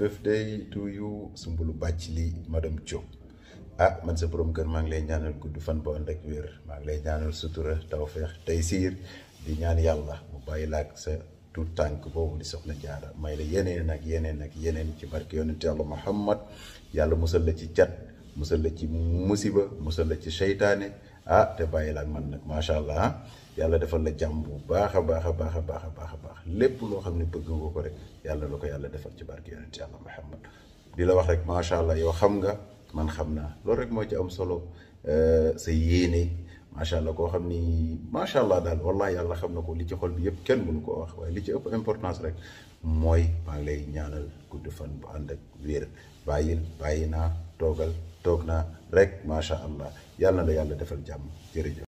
birthday to you Soumboulou Bathily madame Diop ah man sa borom kër maa ngi lay ñaanal gudd fan bu ànd ak wér maa ngi lay ñaanal sutura tawfeex tey siir di ñaan yàlla mu bàyyi la ak sa tout tànk boobu di soxla jaara may la yeneen ak yeneen ak yeneen ci barke yonent yàlla Muhammad yàlla musal la ci cat musal la ci musiba musal la ci seytaane ah te bàyyi la ak man nag macha allah yàlla defal la jam bu baax a baax a baax a a baax. lépp loo xam ne bëgg nga ko rek yàlla loo ko yàlla defal ci barke yonent yàlla Muhammad di la wax rek macha allah yow xam nga man xam naa loolu rek moo ci am solo euh, sa yéene macha allah koo xam ni macha allah daal wallahi yàlla xam na ko li ci xol bi yëpp kenn mënu koo wax waaye li ci ëpp importance rek mooy maa ngi lay ñaanal gudd fan bu ànd ak wér bàyyil bàyyi naa toogal toog naa rek macha allah yàlla na yàlla defal jàmm